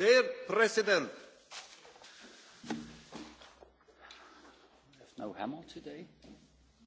Dear President. There's no Hamill today.